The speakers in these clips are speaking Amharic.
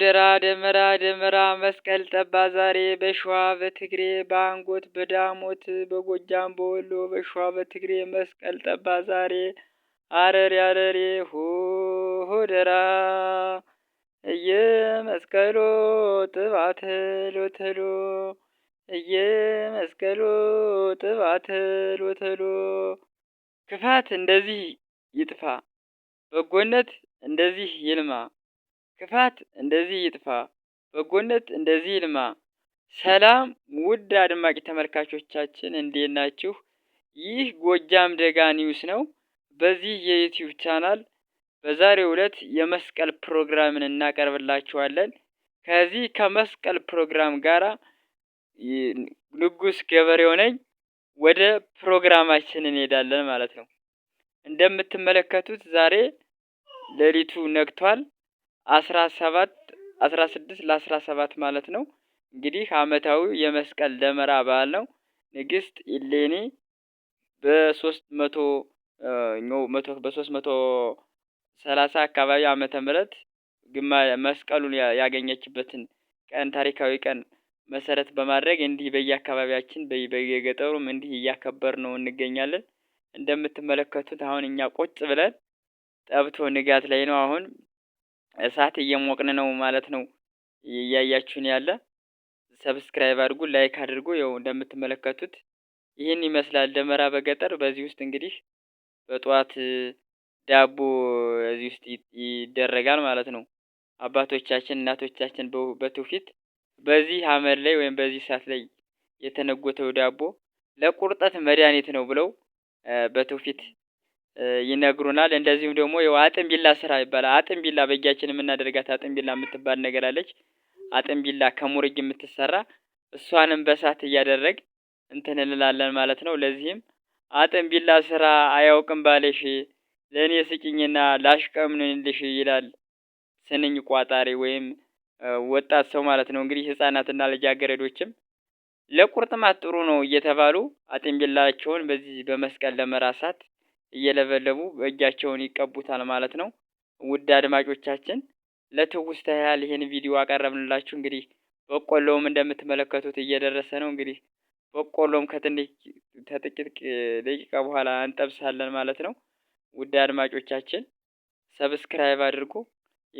ደራ ደመራ ደመራ መስቀል ጠባ ዛሬ በሸዋ በትግሬ በአንጎት በዳሞት በጎጃም በወሎ በሸዋ በትግሬ መስቀል ጠባ ዛሬ አረሬ አረሬ ሆደራ እየመስቀሎ ጥባተ ሎተሎ እየመስቀሎ ጥባተ ሎተሎ ክፋት እንደዚህ ይጥፋ፣ በጎነት እንደዚህ ይልማ። ክፋት እንደዚህ ይጥፋ፣ በጎነት እንደዚህ ይልማ። ሰላም ውድ አድማቂ ተመልካቾቻችን እንዴት ናችሁ? ይህ ጎጃም ደጋ ኒውስ ነው። በዚህ የዩቲዩብ ቻናል በዛሬው ዕለት የመስቀል ፕሮግራምን እናቀርብላችኋለን። ከዚህ ከመስቀል ፕሮግራም ጋራ ንጉስ ገበሬው ነኝ። ወደ ፕሮግራማችን እንሄዳለን ማለት ነው። እንደምትመለከቱት ዛሬ ሌሊቱ ነግቷል። አስራ ሰባት አስራ ስድስት ለአስራ ሰባት ማለት ነው። እንግዲህ አመታዊ የመስቀል ደመራ በዓል ነው። ንግስት ኢሌኒ በሶስት መቶ መቶ በሶስት መቶ ሰላሳ አካባቢ ዓመተ ምህረት ግማ መስቀሉን ያገኘችበትን ቀን ታሪካዊ ቀን መሰረት በማድረግ እንዲህ በየአካባቢያችን በየገጠሩም እንዲህ እያከበር ነው እንገኛለን። እንደምትመለከቱት አሁን እኛ ቁጭ ብለን ጠብቶ ንጋት ላይ ነው አሁን እሳት እየሞቅን ነው ማለት ነው። እያያችሁን ያለ ሰብስክራይብ አድርጉ፣ ላይክ አድርጉ። ያው እንደምትመለከቱት ይህን ይመስላል ደመራ በገጠር። በዚህ ውስጥ እንግዲህ በጠዋት ዳቦ እዚህ ውስጥ ይደረጋል ማለት ነው። አባቶቻችን እናቶቻችን በትውፊት በዚህ አመድ ላይ ወይም በዚህ እሳት ላይ የተነጎተው ዳቦ ለቁርጠት መድኃኒት ነው ብለው በትውፊት ይነግሩናል። እንደዚሁም ደግሞ አጥም ቢላ ስራ ይባላል። ቢላ በእጃችን የምናደርጋት ቢላ የምትባል ነገር አለች። አጥንቢላ ከሙርግ የምትሰራ እሷንም በሳት እያደረግ እንትን እንላለን ማለት ነው። ለዚህም ቢላ ስራ አያውቅም ባለሽ ለእኔ ስጭኝና ላሽቀምንልሽ ይላል ስንኝ ቋጣሪ ወይም ወጣት ሰው ማለት ነው። እንግዲህ ህጻናትና ልጃገረዶችም ለቁርጥማት ጥሩ ነው እየተባሉ ቢላቸውን በዚህ በመስቀል ለመራሳት እየለበለቡ በእጃቸውን ይቀቡታል ማለት ነው። ውድ አድማጮቻችን ለትውስታ ያህል ይህን ቪዲዮ አቀረብንላችሁ። እንግዲህ በቆሎውም እንደምትመለከቱት እየደረሰ ነው። እንግዲህ በቆሎም ከትንሽ ከጥቂት ደቂቃ በኋላ እንጠብሳለን ማለት ነው። ውድ አድማጮቻችን ሰብስክራይብ አድርጎ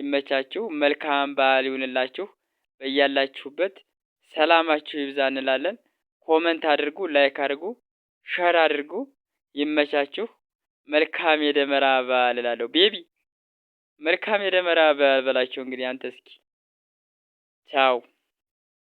ይመቻችሁ። መልካም በዓል ይሁንላችሁ። በያላችሁበት ሰላማችሁ ይብዛ እንላለን። ኮመንት አድርጉ፣ ላይክ አድርጉ፣ ሸር አድርጉ። ይመቻችሁ። መልካም የደመራ በዓል እላለሁ። ቤቢ መልካም የደመራ በዓል በላቸው። እንግዲህ አንተ እስኪ ቻው።